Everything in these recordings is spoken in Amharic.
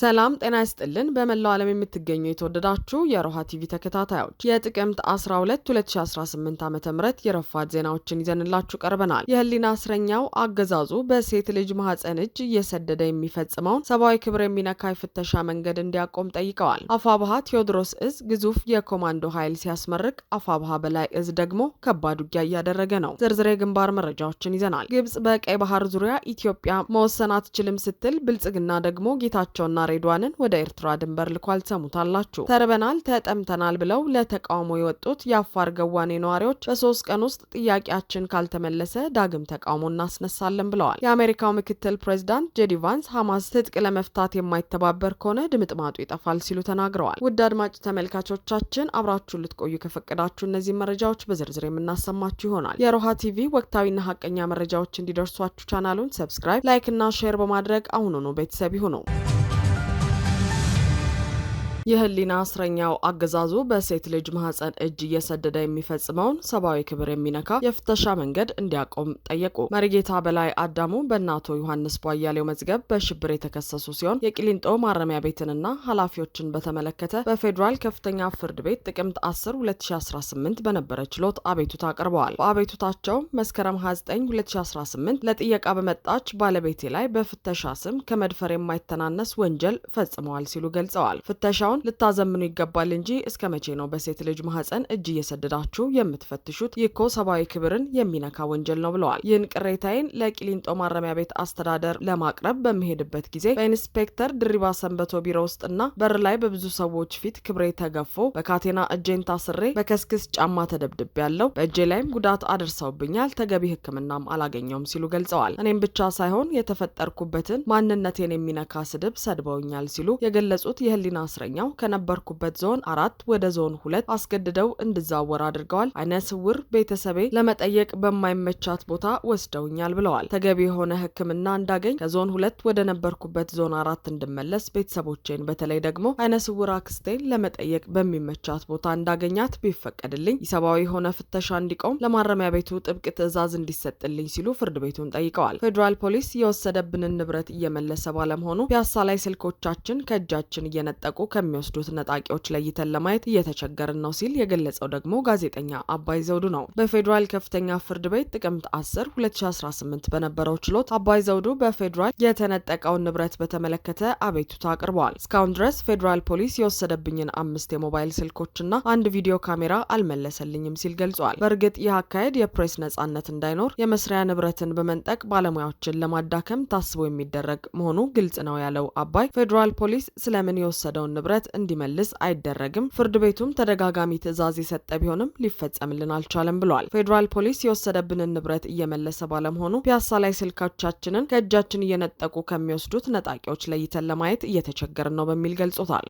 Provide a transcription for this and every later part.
ሰላም ጤና ይስጥልን። በመላው ዓለም የምትገኙ የተወደዳችሁ የሮሃ ቲቪ ተከታታዮች የጥቅምት 12 2018 ዓ ም የረፋድ ዜናዎችን ይዘንላችሁ ቀርበናል። የህሊና እስረኛው አገዛዙ በሴት ልጅ ማህፀን እጅ እየሰደደ የሚፈጽመውን ሰብአዊ ክብር የሚነካ የፍተሻ መንገድ እንዲያቆም ጠይቀዋል። አፋብሃ ቴዎድሮስ እዝ ግዙፍ የኮማንዶ ኃይል ሲያስመርቅ፣ አፋብሃ በላይ እዝ ደግሞ ከባድ ውጊያ እያደረገ ነው። ዝርዝር የግንባር መረጃዎችን ይዘናል። ግብጽ በቀይ ባህር ዙሪያ ኢትዮጵያ መወሰን አትችልም ስትል ብልጽግና ደግሞ ጌታቸውና ሬድዋንን ወደ ኤርትራ ድንበር ልኳል። ሰሙታላችሁ። ተርበናል፣ ተጠምተናል ብለው ለተቃውሞ የወጡት የአፋር ገዋኔ ነዋሪዎች በሶስት ቀን ውስጥ ጥያቄያችን ካልተመለሰ ዳግም ተቃውሞ እናስነሳለን ብለዋል። የአሜሪካው ምክትል ፕሬዚዳንት ጄዲ ቫንስ ሐማስ ትጥቅ ለመፍታት የማይተባበር ከሆነ ድምጥማጡ ይጠፋል ሲሉ ተናግረዋል። ውድ አድማጭ ተመልካቾቻችን አብራችሁን ልትቆዩ ከፈቀዳችሁ እነዚህ መረጃዎች በዝርዝር የምናሰማችሁ ይሆናል። የሮሃ ቲቪ ወቅታዊና ሀቀኛ መረጃዎች እንዲደርሷችሁ ቻናሉን ሰብስክራይብ፣ ላይክ እና ሼር በማድረግ አሁኑኑ ቤተሰብ ይሁኑ። የህሊና እስረኛው አገዛዙ በሴት ልጅ ማህፀን እጅ እየሰደደ የሚፈጽመውን ሰብአዊ ክብር የሚነካ የፍተሻ መንገድ እንዲያቆም ጠየቁ። መሪጌታ በላይ አዳሙ በእናቶ ዮሐንስ ቧያሌው መዝገብ በሽብር የተከሰሱ ሲሆን የቂሊንጦ ማረሚያ ቤትንና ኃላፊዎችን በተመለከተ በፌዴራል ከፍተኛ ፍርድ ቤት ጥቅምት 10 2018 በነበረ ችሎት አቤቱታ አቅርበዋል። በአቤቱታቸው መስከረም 29 2018 ለጥየቃ በመጣች ባለቤቴ ላይ በፍተሻ ስም ከመድፈር የማይተናነስ ወንጀል ፈጽመዋል ሲሉ ገልጸዋል። ፍተሻው እርምጃውን ልታዘምኑ ይገባል እንጂ እስከ መቼ ነው በሴት ልጅ ማህፀን እጅ እየሰደዳችሁ የምትፈትሹት? ይህ እኮ ሰብአዊ ክብርን የሚነካ ወንጀል ነው ብለዋል። ይህን ቅሬታዬን ለቂሊንጦ ማረሚያ ቤት አስተዳደር ለማቅረብ በሚሄድበት ጊዜ በኢንስፔክተር ድሪባ ሰንበቶ ቢሮ ውስጥና በር ላይ በብዙ ሰዎች ፊት ክብሬ ተገፎ በካቴና እጄን ታስሬ በከስክስ ጫማ ተደብድቤ ያለው በእጄ ላይም ጉዳት አድርሰውብኛል። ተገቢ ሕክምናም አላገኘውም ሲሉ ገልጸዋል። እኔም ብቻ ሳይሆን የተፈጠርኩበትን ማንነቴን የሚነካ ስድብ ሰድበውኛል ሲሉ የገለጹት የህሊና እስረኛው ነው ከነበርኩበት ዞን አራት ወደ ዞን ሁለት አስገድደው እንድዛወር አድርገዋል። አይነ ስውር ቤተሰቤ ለመጠየቅ በማይመቻት ቦታ ወስደውኛል ብለዋል። ተገቢ የሆነ ሕክምና እንዳገኝ ከዞን ሁለት ወደ ነበርኩበት ዞን አራት እንድመለስ ቤተሰቦቼን በተለይ ደግሞ አይነ ስውር አክስቴን ለመጠየቅ በሚመቻት ቦታ እንዳገኛት ቢፈቀድልኝ፣ ኢሰብአዊ የሆነ ፍተሻ እንዲቆም፣ ለማረሚያ ቤቱ ጥብቅ ትዕዛዝ እንዲሰጥልኝ ሲሉ ፍርድ ቤቱን ጠይቀዋል። ፌዴራል ፖሊስ የወሰደብንን ንብረት እየመለሰ ባለመሆኑ ፒያሳ ላይ ስልኮቻችን ከእጃችን እየነጠቁ ከሚ ከሚወስዱት ነጣቂዎች ለይተን ለማየት እየተቸገርን ነው ሲል የገለጸው ደግሞ ጋዜጠኛ አባይ ዘውዱ ነው። በፌዴራል ከፍተኛ ፍርድ ቤት ጥቅምት 10 2018 በነበረው ችሎት አባይ ዘውዱ በፌዴራል የተነጠቀውን ንብረት በተመለከተ አቤቱታ አቅርበዋል። እስካሁን ድረስ ፌዴራል ፖሊስ የወሰደብኝን አምስት የሞባይል ስልኮችና አንድ ቪዲዮ ካሜራ አልመለሰልኝም ሲል ገልጿል። በእርግጥ ይህ አካሄድ የፕሬስ ነጻነት እንዳይኖር የመስሪያ ንብረትን በመንጠቅ ባለሙያዎችን ለማዳከም ታስቦ የሚደረግ መሆኑ ግልጽ ነው ያለው አባይ ፌዴራል ፖሊስ ስለምን የወሰደውን ንብረት በፍጥነት እንዲመልስ አይደረግም። ፍርድ ቤቱም ተደጋጋሚ ትዕዛዝ የሰጠ ቢሆንም ሊፈጸምልን አልቻለም ብሏል። ፌዴራል ፖሊስ የወሰደብንን ንብረት እየመለሰ ባለመሆኑ ፒያሳ ላይ ስልኮቻችንን ከእጃችን እየነጠቁ ከሚወስዱት ነጣቂዎች ለይተን ለማየት እየተቸገርን ነው በሚል ገልጾታል።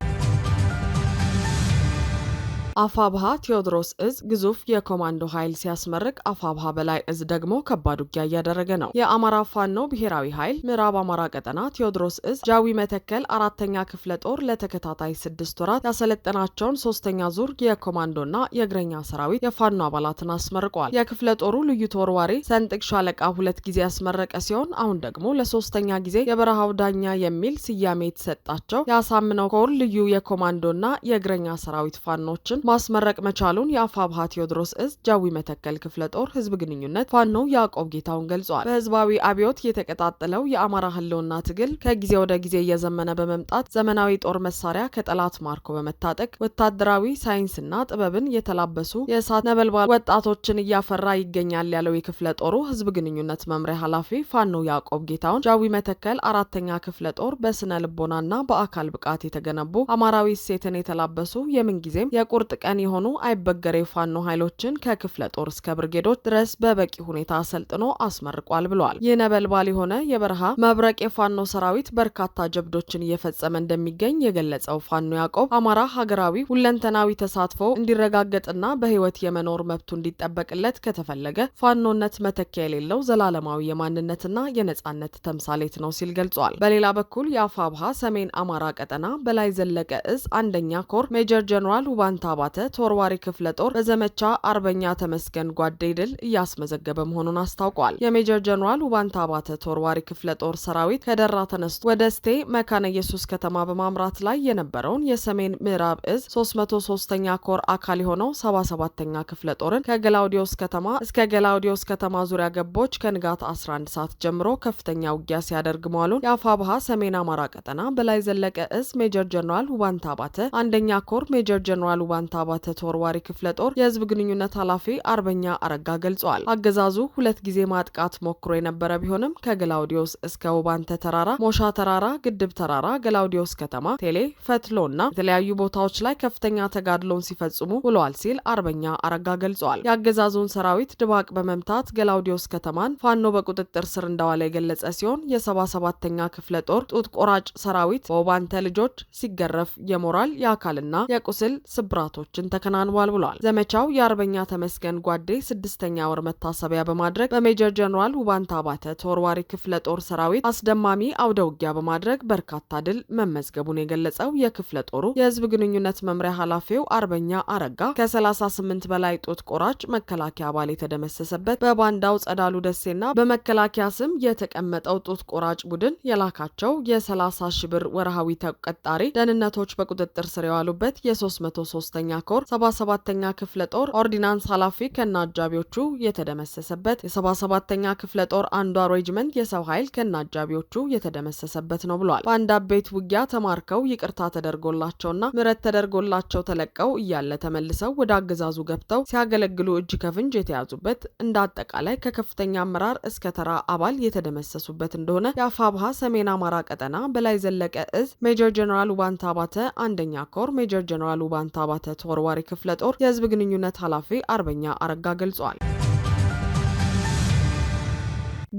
አፋብሃ ቴዎድሮስ እዝ ግዙፍ የኮማንዶ ኃይል ሲያስመርቅ፣ አፋብሃ በላይ እዝ ደግሞ ከባድ ውጊያ እያደረገ ነው። የአማራ ፋኖ ብሔራዊ ኃይል ምዕራብ አማራ ቀጠና ቴዎድሮስ እዝ ጃዊ መተከል አራተኛ ክፍለ ጦር ለተከታታይ ስድስት ወራት ያሰለጠናቸውን ሶስተኛ ዙር የኮማንዶና የእግረኛ ሰራዊት የፋኖ አባላትን አስመርቀዋል። የክፍለ ጦሩ ልዩ ተወርዋሪ ሰንጥቅ ሻለቃ ሁለት ጊዜ ያስመረቀ ሲሆን አሁን ደግሞ ለሶስተኛ ጊዜ የበረሃው ዳኛ የሚል ስያሜ የተሰጣቸው የአሳምነው ኮር ልዩ የኮማንዶና የእግረኛ ሰራዊት ፋኖችን ማስመረቅ መቻሉን የአፋብሃ ቴዎድሮስ እዝ ጃዊ መተከል ክፍለ ጦር ህዝብ ግንኙነት ፋኖ ያዕቆብ ጌታውን ገልጿል። በህዝባዊ አብዮት የተቀጣጠለው የአማራ ህልውና ትግል ከጊዜ ወደ ጊዜ እየዘመነ በመምጣት ዘመናዊ ጦር መሳሪያ ከጠላት ማርኮ በመታጠቅ ወታደራዊ ሳይንስና ጥበብን የተላበሱ የእሳት ነበልባል ወጣቶችን እያፈራ ይገኛል ያለው የክፍለ ጦሩ ህዝብ ግንኙነት መምሪያ ኃላፊ ፋኖ ያዕቆብ ጌታውን ጃዊ መተከል አራተኛ ክፍለ ጦር በስነ ልቦናና በአካል ብቃት የተገነቡ አማራዊ እሴትን የተላበሱ የምንጊዜም የቁርጥ ቀን የሆኑ አይበገሬ ፋኖ ኃይሎችን ከክፍለ ጦር እስከ ብርጌዶች ድረስ በበቂ ሁኔታ አሰልጥኖ አስመርቋል ብለዋል። ይህ ነበልባል የሆነ የበረሃ መብረቅ የፋኖ ሰራዊት በርካታ ጀብዶችን እየፈጸመ እንደሚገኝ የገለጸው ፋኖ ያዕቆብ አማራ ሀገራዊ ሁለንተናዊ ተሳትፎ እንዲረጋገጥና በህይወት የመኖር መብቱ እንዲጠበቅለት ከተፈለገ ፋኖነት መተኪያ የሌለው ዘላለማዊ የማንነትና የነጻነት ተምሳሌት ነው ሲል ገልጿል። በሌላ በኩል የአፋብሃ ሰሜን አማራ ቀጠና በላይ ዘለቀ እዝ አንደኛ ኮር ሜጀር ጀኔራል ውባንታ አባተ ተወርዋሪ ክፍለ ጦር በዘመቻ አርበኛ ተመስገን ጓዴ ድል እያስመዘገበ መሆኑን አስታውቋል። የሜጀር ጀኔራል ውባንታ አባተ ተወርዋሪ ክፍለ ጦር ሰራዊት ከደራ ተነስቶ ወደ ስቴ መካነ ኢየሱስ ከተማ በማምራት ላይ የነበረውን የሰሜን ምዕራብ እዝ 303ኛ ኮር አካል የሆነው 77ኛ ክፍለ ጦርን ከገላውዲዮስ ከተማ እስከ ገላውዲዮስ ከተማ ዙሪያ ገቦች ከንጋት 11 ሰዓት ጀምሮ ከፍተኛ ውጊያ ሲያደርግ መዋሉን የአፋብሃ ሰሜን አማራ ቀጠና በላይ ዘለቀ እዝ ሜጀር ጀኔራል ውባንታ አባተ አንደኛ ኮር ሜጀር ጀኔራል ውባንታ አባተ ተወርዋሪ ክፍለ ጦር የህዝብ ግንኙነት ኃላፊ አርበኛ አረጋ ገልጿል። አገዛዙ ሁለት ጊዜ ማጥቃት ሞክሮ የነበረ ቢሆንም ከግላውዲዮስ እስከ ውባንተ ተራራ፣ ሞሻ ተራራ፣ ግድብ ተራራ፣ ግላውዲዮስ ከተማ፣ ቴሌ ፈትሎ እና የተለያዩ ቦታዎች ላይ ከፍተኛ ተጋድሎን ሲፈጽሙ ውለዋል ሲል አርበኛ አረጋ ገልጿል። የአገዛዙን ሰራዊት ድባቅ በመምታት ገላውዲዮስ ከተማን ፋኖ በቁጥጥር ስር እንደዋለ የገለጸ ሲሆን የሰባ ሰባተኛ ክፍለ ጦር ጡት ቆራጭ ሰራዊት በውባንተ ልጆች ሲገረፍ የሞራል የአካልና የቁስል ስብራቱ ጥቃቶችን ተከናንቧል ብሏል። ዘመቻው የአርበኛ ተመስገን ጓዴ ስድስተኛ ወር መታሰቢያ በማድረግ በሜጀር ጀኔራል ውባንታ ባተ ተወርዋሪ ክፍለ ጦር ሰራዊት አስደማሚ አውደ ውጊያ በማድረግ በርካታ ድል መመዝገቡን የገለጸው የክፍለ ጦሩ የህዝብ ግንኙነት መምሪያ ኃላፊው አርበኛ አረጋ ከ38 በላይ ጡት ቆራጭ መከላከያ አባል የተደመሰሰበት በባንዳው ጸዳሉ ደሴና በመከላከያ ስም የተቀመጠው ጡት ቆራጭ ቡድን የላካቸው የ30 ሺ ብር ወርሃዊ ተቀጣሪ ደህንነቶች በቁጥጥር ስር የዋሉበት የ303 አምስተኛ ኮር ሰባ ሰባተኛ ክፍለ ጦር ኦርዲናንስ ኃላፊ ከነ አጃቢዎቹ የተደመሰሰበት የሰባ ሰባተኛ ክፍለ ጦር አንዷ ሬጅመንት የሰው ኃይል ከነ አጃቢዎቹ የተደመሰሰበት ነው ብሏል። በአንድ አቤት ውጊያ ተማርከው ይቅርታ ተደርጎላቸውና ምረት ተደርጎላቸው ተለቀው እያለ ተመልሰው ወደ አገዛዙ ገብተው ሲያገለግሉ እጅ ከፍንጅ የተያዙበት እንደ አጠቃላይ ከከፍተኛ አመራር እስከ ተራ አባል የተደመሰሱበት እንደሆነ የአፋብሃ ሰሜን አማራ ቀጠና በላይ ዘለቀ እዝ ሜጀር ጀነራል ውባንታ አባተ አንደኛ ኮር ሜጀር ጀነራል ውባንታ አባተ ተወርዋሪ ክፍለ ጦር የህዝብ ግንኙነት ኃላፊ አርበኛ አረጋ ገልጿል።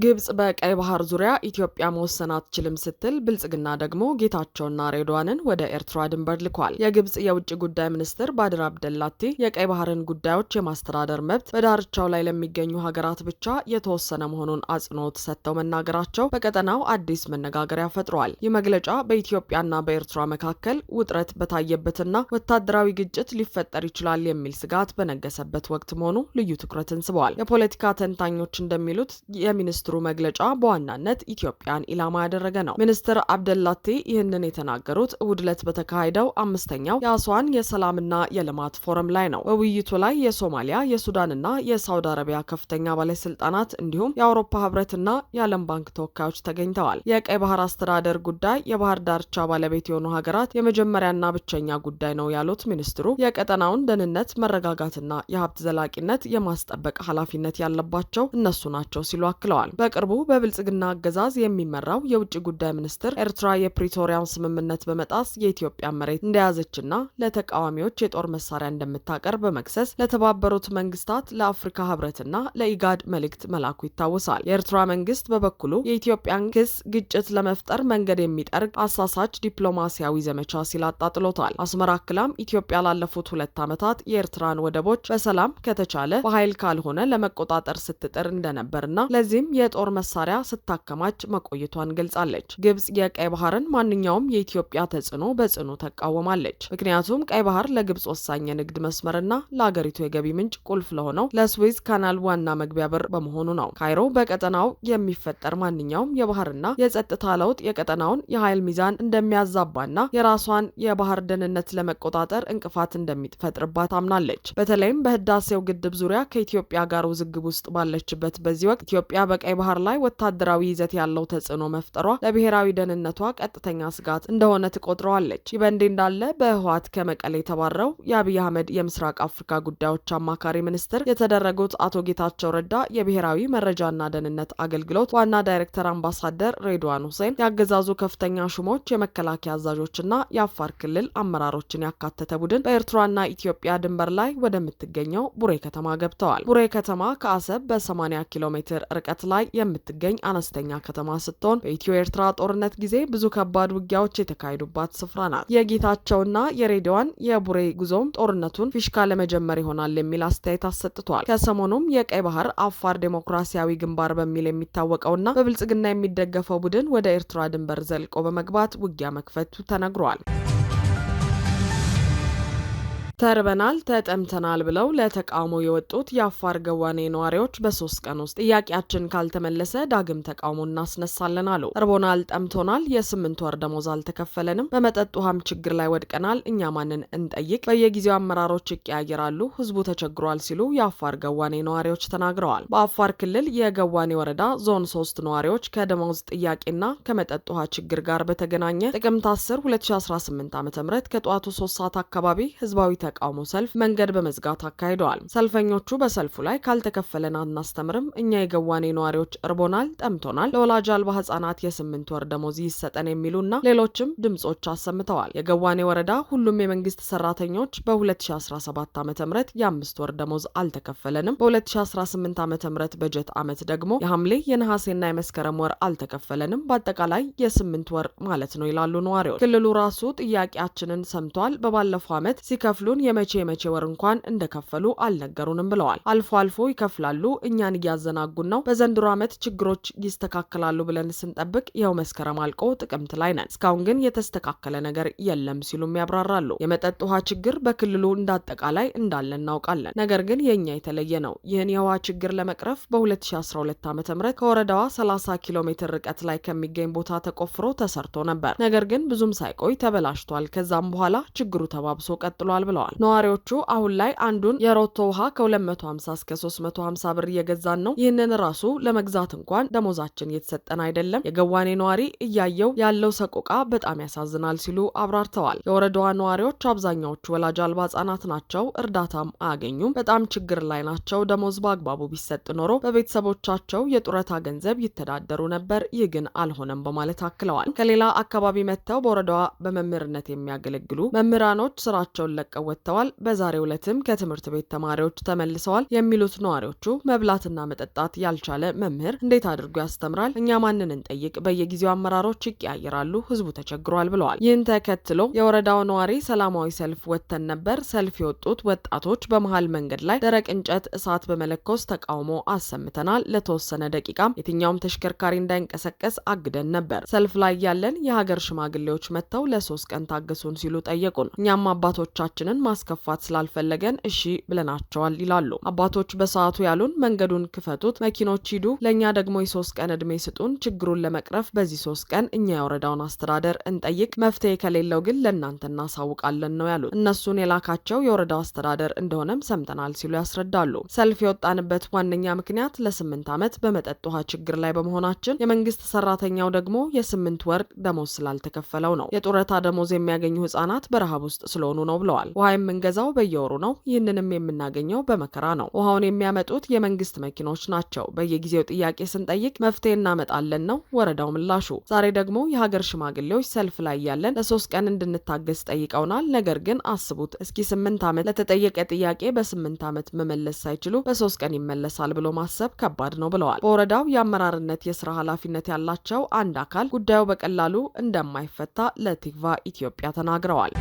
ግብጽ በቀይ ባህር ዙሪያ ኢትዮጵያ መወሰን አትችልም ስትል ብልጽግና ደግሞ ጌታቸውና ሬድዋንን ወደ ኤርትራ ድንበር ልኳል። የግብጽ የውጭ ጉዳይ ሚኒስትር ባድር አብደላቲ የቀይ ባህርን ጉዳዮች የማስተዳደር መብት በዳርቻው ላይ ለሚገኙ ሀገራት ብቻ የተወሰነ መሆኑን አጽንኦት ሰጥተው መናገራቸው በቀጠናው አዲስ መነጋገሪያ ፈጥሯል። ይህ መግለጫ በኢትዮጵያና በኤርትራ መካከል ውጥረት በታየበትና ወታደራዊ ግጭት ሊፈጠር ይችላል የሚል ስጋት በነገሰበት ወቅት መሆኑ ልዩ ትኩረትን ስበዋል። የፖለቲካ ተንታኞች እንደሚሉት የሚኒስ ሚኒስትሩ መግለጫ በዋናነት ኢትዮጵያን ኢላማ ያደረገ ነው። ሚኒስትር አብደላቴ ይህንን የተናገሩት እሁድ ዕለት በተካሄደው አምስተኛው የአስዋን የሰላምና የልማት ፎረም ላይ ነው። በውይይቱ ላይ የሶማሊያ የሱዳንና የሳውዲ አረቢያ ከፍተኛ ባለስልጣናት እንዲሁም የአውሮፓ ህብረትና የዓለም ባንክ ተወካዮች ተገኝተዋል። የቀይ ባህር አስተዳደር ጉዳይ የባህር ዳርቻ ባለቤት የሆኑ ሀገራት የመጀመሪያና ብቸኛ ጉዳይ ነው ያሉት ሚኒስትሩ የቀጠናውን ደህንነት መረጋጋትና የሀብት ዘላቂነት የማስጠበቅ ኃላፊነት ያለባቸው እነሱ ናቸው ሲሉ አክለዋል። በቅርቡ በብልጽግና አገዛዝ የሚመራው የውጭ ጉዳይ ሚኒስትር ኤርትራ የፕሪቶሪያን ስምምነት በመጣስ የኢትዮጵያ መሬት እንደያዘችና ለተቃዋሚዎች የጦር መሳሪያ እንደምታቀርብ በመክሰስ ለተባበሩት መንግስታት፣ ለአፍሪካ ህብረትና ለኢጋድ መልእክት መላኩ ይታወሳል። የኤርትራ መንግስት በበኩሉ የኢትዮጵያን ክስ ግጭት ለመፍጠር መንገድ የሚጠርግ አሳሳች ዲፕሎማሲያዊ ዘመቻ ሲል አጣጥሎታል። አስመራ አክላም ኢትዮጵያ ላለፉት ሁለት ዓመታት የኤርትራን ወደቦች በሰላም ከተቻለ በኃይል ካልሆነ ለመቆጣጠር ስትጥር እንደነበርና ለዚህም የጦር መሳሪያ ስታከማች መቆየቷን ገልጻለች። ግብጽ የቀይ ባህርን ማንኛውም የኢትዮጵያ ተጽዕኖ በጽኑ ተቃወማለች። ምክንያቱም ቀይ ባህር ለግብጽ ወሳኝ የንግድ መስመርና ለአገሪቱ የገቢ ምንጭ ቁልፍ ለሆነው ለስዊዝ ካናል ዋና መግቢያ በር በመሆኑ ነው። ካይሮ በቀጠናው የሚፈጠር ማንኛውም የባህርና የጸጥታ ለውጥ የቀጠናውን የኃይል ሚዛን እንደሚያዛባና የራሷን የባህር ደህንነት ለመቆጣጠር እንቅፋት እንደሚፈጥርባት ታምናለች። በተለይም በህዳሴው ግድብ ዙሪያ ከኢትዮጵያ ጋር ውዝግብ ውስጥ ባለችበት በዚህ ወቅት ኢትዮጵያ በቀይ ባህር ላይ ወታደራዊ ይዘት ያለው ተጽዕኖ መፍጠሯ ለብሔራዊ ደህንነቷ ቀጥተኛ ስጋት እንደሆነ ትቆጥረዋለች። ይህ በእንዲህ እንዳለ በህወሓት ከመቀሌ የተባረው የአብይ አህመድ የምስራቅ አፍሪካ ጉዳዮች አማካሪ ሚኒስትር የተደረጉት አቶ ጌታቸው ረዳ፣ የብሔራዊ መረጃና ደህንነት አገልግሎት ዋና ዳይሬክተር አምባሳደር ሬድዋን ሁሴን፣ የአገዛዙ ከፍተኛ ሹሞች፣ የመከላከያ አዛዦችና የአፋር ክልል አመራሮችን ያካተተ ቡድን በኤርትራና ኢትዮጵያ ድንበር ላይ ወደምትገኘው ቡሬ ከተማ ገብተዋል። ቡሬ ከተማ ከአሰብ በ80 ኪሎ ሜትር ርቀት ላይ ላይ የምትገኝ አነስተኛ ከተማ ስትሆን በኢትዮ ኤርትራ ጦርነት ጊዜ ብዙ ከባድ ውጊያዎች የተካሄዱባት ስፍራ ናት። የጌታቸውና የሬዲዋን የቡሬ ጉዞም ጦርነቱን ፊሽካ ለመጀመር ይሆናል የሚል አስተያየት አሰጥቷል። ከሰሞኑም የቀይ ባህር አፋር ዴሞክራሲያዊ ግንባር በሚል የሚታወቀውና በብልጽግና የሚደገፈው ቡድን ወደ ኤርትራ ድንበር ዘልቆ በመግባት ውጊያ መክፈቱ ተነግሯል። ተርበናል፣ ተጠምተናል ብለው ለተቃውሞ የወጡት የአፋር ገዋኔ ነዋሪዎች በሶስት ቀን ውስጥ ጥያቄያችን ካልተመለሰ ዳግም ተቃውሞ እናስነሳለን አሉ። እርቦናል፣ ጠምቶናል፣ የስምንት ወር ደሞዝ አልተከፈለንም፣ በመጠጥ ውሃም ችግር ላይ ወድቀናል። እኛ ማንን እንጠይቅ? በየጊዜው አመራሮች ይቀያየራሉ፣ ህዝቡ ተቸግሯል ሲሉ የአፋር ገዋኔ ነዋሪዎች ተናግረዋል። በአፋር ክልል የገዋኔ ወረዳ ዞን ሶስት ነዋሪዎች ከደሞዝ ጥያቄና ከመጠጥ ውሃ ችግር ጋር በተገናኘ ጥቅምት 10 2018 ዓ ም ከጠዋቱ ሶስት ሰዓት አካባቢ ህዝባዊ የተቃውሞ ሰልፍ መንገድ በመዝጋት አካሂደዋል። ሰልፈኞቹ በሰልፉ ላይ ካልተከፈለን አናስተምርም፣ እኛ የገዋኔ ነዋሪዎች እርቦናል፣ ጠምቶናል፣ ለወላጅ አልባ ህጻናት የስምንት ወር ደሞዝ ይሰጠን የሚሉና ሌሎችም ድምጾች አሰምተዋል። የገዋኔ ወረዳ ሁሉም የመንግስት ሰራተኞች በ2017 ዓ ም የአምስት ወር ደሞዝ አልተከፈለንም በ2018 ዓ ም በጀት ዓመት ደግሞ የሐምሌ የነሐሴና የመስከረም ወር አልተከፈለንም በአጠቃላይ የስምንት ወር ማለት ነው ይላሉ ነዋሪዎች። ክልሉ ራሱ ጥያቄያችንን ሰምቷል። በባለፈው ዓመት ሲከፍሉን ገንዘቡን የመቼ መቼ ወር እንኳን እንደከፈሉ አልነገሩንም ብለዋል። አልፎ አልፎ ይከፍላሉ፣ እኛን እያዘናጉን ነው። በዘንድሮ ዓመት ችግሮች ይስተካከላሉ ብለን ስንጠብቅ ይኸው መስከረም አልቆ ጥቅምት ላይ ነን። እስካሁን ግን የተስተካከለ ነገር የለም ሲሉም ያብራራሉ። የመጠጥ ውሃ ችግር በክልሉ እንዳጠቃላይ እንዳለ እናውቃለን። ነገር ግን የእኛ የተለየ ነው። ይህን የውሃ ችግር ለመቅረፍ በ2012 ዓ ም ከወረዳዋ 30 ኪሎ ሜትር ርቀት ላይ ከሚገኝ ቦታ ተቆፍሮ ተሰርቶ ነበር። ነገር ግን ብዙም ሳይቆይ ተበላሽቷል። ከዛም በኋላ ችግሩ ተባብሶ ቀጥሏል ብለዋል። ብለዋል። ነዋሪዎቹ አሁን ላይ አንዱን የሮቶ ውሃ ከ250 እስከ 350 ብር እየገዛን ነው። ይህንን ራሱ ለመግዛት እንኳን ደሞዛችን እየተሰጠን አይደለም። የገዋኔ ነዋሪ እያየው ያለው ሰቆቃ በጣም ያሳዝናል ሲሉ አብራርተዋል። የወረዳዋ ነዋሪዎች አብዛኛዎቹ ወላጅ አልባ ህጻናት ናቸው። እርዳታም አያገኙም። በጣም ችግር ላይ ናቸው። ደሞዝ በአግባቡ ቢሰጥ ኖሮ በቤተሰቦቻቸው የጡረታ ገንዘብ ይተዳደሩ ነበር። ይህ ግን አልሆነም በማለት አክለዋል። ከሌላ አካባቢ መጥተው በወረዳዋ በመምህርነት የሚያገለግሉ መምህራኖች ስራቸውን ለቀው ወጥተዋል፣ በዛሬው ዕለትም ከትምህርት ቤት ተማሪዎች ተመልሰዋል የሚሉት ነዋሪዎቹ መብላትና መጠጣት ያልቻለ መምህር እንዴት አድርጎ ያስተምራል? እኛ ማንን እንጠይቅ? በየጊዜው አመራሮች ይቀያየራሉ፣ ህዝቡ ተቸግሯል ብለዋል። ይህን ተከትሎ የወረዳው ነዋሪ ሰላማዊ ሰልፍ ወጥተን ነበር። ሰልፍ የወጡት ወጣቶች በመሀል መንገድ ላይ ደረቅ እንጨት እሳት በመለኮስ ተቃውሞ አሰምተናል። ለተወሰነ ደቂቃም የትኛውም ተሽከርካሪ እንዳይንቀሳቀስ አግደን ነበር። ሰልፍ ላይ ያለን የሀገር ሽማግሌዎች መጥተው ለሶስት ቀን ታገሱን ሲሉ ጠየቁን። እኛም አባቶቻችንን ማስከፋት ስላልፈለገን እሺ ብለናቸዋል ይላሉ። አባቶች በሰዓቱ ያሉን መንገዱን ክፈቱት፣ መኪኖች ሂዱ፣ ለእኛ ደግሞ የሶስት ቀን እድሜ ስጡን። ችግሩን ለመቅረፍ በዚህ ሶስት ቀን እኛ የወረዳውን አስተዳደር እንጠይቅ፣ መፍትሄ ከሌለው ግን ለእናንተ እናሳውቃለን ነው ያሉት። እነሱን የላካቸው የወረዳው አስተዳደር እንደሆነም ሰምተናል ሲሉ ያስረዳሉ። ሰልፍ የወጣንበት ዋነኛ ምክንያት ለስምንት ዓመት በመጠጥ ውሃ ችግር ላይ በመሆናችን የመንግስት ሰራተኛው ደግሞ የስምንት ወር ደሞዝ ስላልተከፈለው ነው። የጡረታ ደሞዝ የሚያገኙ ህጻናት በረሃብ ውስጥ ስለሆኑ ነው ብለዋል። ውሃ የምንገዛው በየወሩ ነው። ይህንንም የምናገኘው በመከራ ነው። ውሃውን የሚያመጡት የመንግስት መኪኖች ናቸው። በየጊዜው ጥያቄ ስንጠይቅ መፍትሄ እናመጣለን ነው ወረዳው ምላሹ። ዛሬ ደግሞ የሀገር ሽማግሌዎች ሰልፍ ላይ ያለን ለሶስት ቀን እንድንታገስ ጠይቀውናል። ነገር ግን አስቡት እስኪ ስምንት ዓመት ለተጠየቀ ጥያቄ በስምንት ዓመት መመለስ ሳይችሉ በሶስት ቀን ይመለሳል ብሎ ማሰብ ከባድ ነው ብለዋል። በወረዳው የአመራርነት የስራ ኃላፊነት ያላቸው አንድ አካል ጉዳዩ በቀላሉ እንደማይፈታ ለቲክቫ ኢትዮጵያ ተናግረዋል።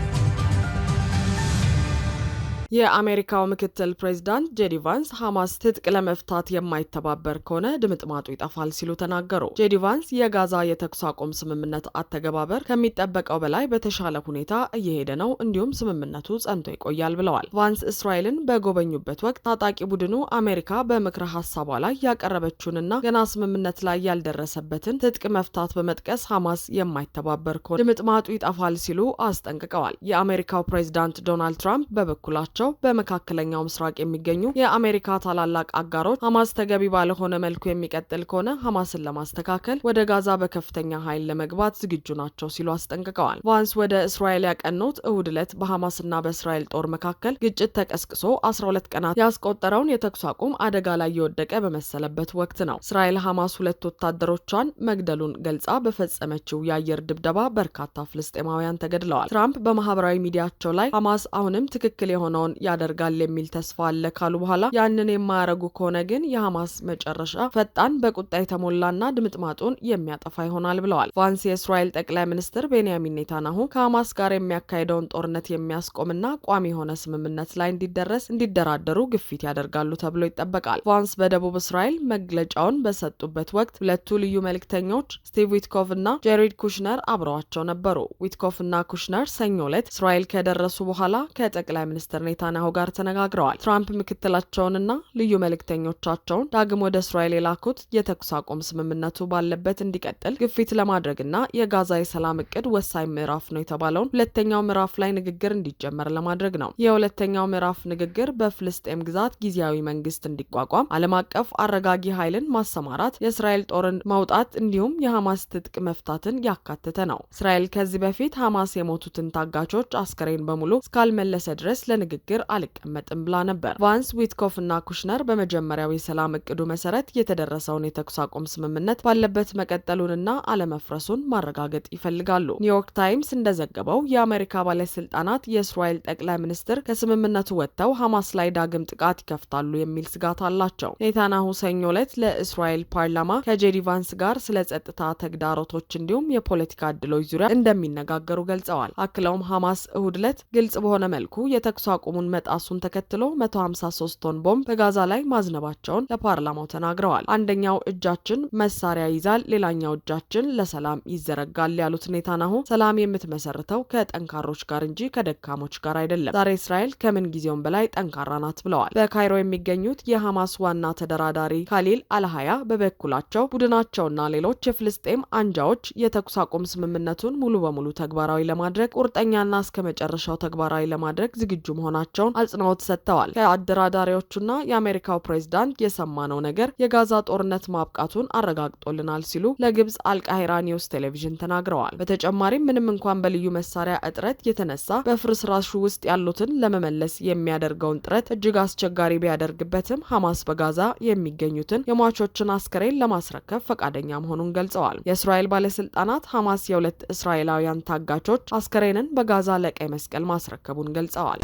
የአሜሪካው ምክትል ፕሬዚዳንት ጄዲ ቫንስ ሐማስ ትጥቅ ለመፍታት የማይተባበር ከሆነ ድምጥማጡ ይጠፋል ሲሉ ተናገሩ። ጄዲ ቫንስ የጋዛ የተኩስ አቁም ስምምነት አተገባበር ከሚጠበቀው በላይ በተሻለ ሁኔታ እየሄደ ነው፣ እንዲሁም ስምምነቱ ጸንቶ ይቆያል ብለዋል። ቫንስ እስራኤልን በጎበኙበት ወቅት ታጣቂ ቡድኑ አሜሪካ በምክረ ሀሳቧ ላይ ያቀረበችውንና ገና ስምምነት ላይ ያልደረሰበትን ትጥቅ መፍታት በመጥቀስ ሐማስ የማይተባበር ከሆነ ድምጥማጡ ይጠፋል ሲሉ አስጠንቅቀዋል። የአሜሪካው ፕሬዚዳንት ዶናልድ ትራምፕ በበኩላቸው በመሆናቸው በመካከለኛው ምስራቅ የሚገኙ የአሜሪካ ታላላቅ አጋሮች ሐማስ ተገቢ ባለሆነ መልኩ የሚቀጥል ከሆነ ሐማስን ለማስተካከል ወደ ጋዛ በከፍተኛ ኃይል ለመግባት ዝግጁ ናቸው ሲሉ አስጠንቅቀዋል። ቫንስ ወደ እስራኤል ያቀኑት እሁድ ዕለት በሐማስና በእስራኤል ጦር መካከል ግጭት ተቀስቅሶ 12 ቀናት ያስቆጠረውን የተኩስ አቁም አደጋ ላይ የወደቀ በመሰለበት ወቅት ነው። እስራኤል ሐማስ ሁለት ወታደሮቿን መግደሉን ገልጻ በፈጸመችው የአየር ድብደባ በርካታ ፍልስጤማውያን ተገድለዋል። ትራምፕ በማህበራዊ ሚዲያቸው ላይ ሐማስ አሁንም ትክክል የሆነውን እንዲሆን ያደርጋል የሚል ተስፋ አለ ካሉ በኋላ ያንን የማያደርጉ ከሆነ ግን የሐማስ መጨረሻ ፈጣን፣ በቁጣ የተሞላና ድምጥማጡን የሚያጠፋ ይሆናል ብለዋል። ቫንስ የእስራኤል ጠቅላይ ሚኒስትር ቤንያሚን ኔታናሁ ከሐማስ ጋር የሚያካሄደውን ጦርነት የሚያስቆምና ቋሚ የሆነ ስምምነት ላይ እንዲደረስ እንዲደራደሩ ግፊት ያደርጋሉ ተብሎ ይጠበቃል። ቫንስ በደቡብ እስራኤል መግለጫውን በሰጡበት ወቅት ሁለቱ ልዩ መልእክተኞች ስቲቭ ዊትኮፍ እና ጄሬድ ኩሽነር አብረዋቸው ነበሩ። ዊትኮፍ እና ኩሽነር ሰኞ ዕለት እስራኤል ከደረሱ በኋላ ከጠቅላይ ሚኒስትር ኔታንያሁ ጋር ተነጋግረዋል። ትራምፕ ምክትላቸውንና ልዩ መልእክተኞቻቸውን ዳግም ወደ እስራኤል የላኩት የተኩስ አቁም ስምምነቱ ባለበት እንዲቀጥል ግፊት ለማድረግና የጋዛ የሰላም እቅድ ወሳኝ ምዕራፍ ነው የተባለውን ሁለተኛው ምዕራፍ ላይ ንግግር እንዲጀመር ለማድረግ ነው። የሁለተኛው ምዕራፍ ንግግር በፍልስጤም ግዛት ጊዜያዊ መንግስት እንዲቋቋም፣ ዓለም አቀፍ አረጋጊ ኃይልን ማሰማራት፣ የእስራኤል ጦርን ማውጣት እንዲሁም የሐማስ ትጥቅ መፍታትን ያካተተ ነው። እስራኤል ከዚህ በፊት ሐማስ የሞቱትን ታጋቾች አስከሬን በሙሉ እስካልመለሰ ድረስ ለንግግር ንግግር አልቀመጥም ብላ ነበር። ቫንስ ዊትኮፍ እና ኩሽነር በመጀመሪያው የሰላም እቅዱ መሰረት የተደረሰውን የተኩስ አቁም ስምምነት ባለበት መቀጠሉንና አለመፍረሱን ማረጋገጥ ይፈልጋሉ። ኒውዮርክ ታይምስ እንደዘገበው የአሜሪካ ባለስልጣናት የእስራኤል ጠቅላይ ሚኒስትር ከስምምነቱ ወጥተው ሐማስ ላይ ዳግም ጥቃት ይከፍታሉ የሚል ስጋት አላቸው። ኔታናሁ ሰኞ ዕለት ለእስራኤል ፓርላማ ከጄዲ ቫንስ ጋር ስለ ጸጥታ ተግዳሮቶች እንዲሁም የፖለቲካ እድሎች ዙሪያ እንደሚነጋገሩ ገልጸዋል። አክለውም ሐማስ እሁድ ዕለት ግልጽ በሆነ መልኩ የተኩስ አቁሙ ሰላሙን መጣሱን ተከትሎ 153 ቶን ቦምብ በጋዛ ላይ ማዝነባቸውን ለፓርላማው ተናግረዋል። አንደኛው እጃችን መሳሪያ ይዛል፣ ሌላኛው እጃችን ለሰላም ይዘረጋል ያሉት ኔታናሁ ሰላም የምትመሰርተው ከጠንካሮች ጋር እንጂ ከደካሞች ጋር አይደለም፣ ዛሬ እስራኤል ከምን ጊዜውም በላይ ጠንካራ ናት ብለዋል። በካይሮ የሚገኙት የሐማስ ዋና ተደራዳሪ ካሊል አልሀያ በበኩላቸው ቡድናቸውና ሌሎች የፍልስጤም አንጃዎች የተኩስ አቁም ስምምነቱን ሙሉ በሙሉ ተግባራዊ ለማድረግ ቁርጠኛና እስከ መጨረሻው ተግባራዊ ለማድረግ ዝግጁ መሆናቸው መሆናቸውን አጽንኦት ሰጥተዋል። ከአደራዳሪዎቹና የአሜሪካው ፕሬዚዳንት የሰማነው ነገር የጋዛ ጦርነት ማብቃቱን አረጋግጦልናል ሲሉ ለግብጽ አልቃሂራ ኒውስ ቴሌቪዥን ተናግረዋል። በተጨማሪም ምንም እንኳን በልዩ መሳሪያ እጥረት የተነሳ በፍርስራሹ ውስጥ ያሉትን ለመመለስ የሚያደርገውን ጥረት እጅግ አስቸጋሪ ቢያደርግበትም ሐማስ በጋዛ የሚገኙትን የሟቾችን አስከሬን ለማስረከብ ፈቃደኛ መሆኑን ገልጸዋል። የእስራኤል ባለስልጣናት ሐማስ የሁለት እስራኤላውያን ታጋቾች አስከሬንን በጋዛ ለቀይ መስቀል ማስረከቡን ገልጸዋል።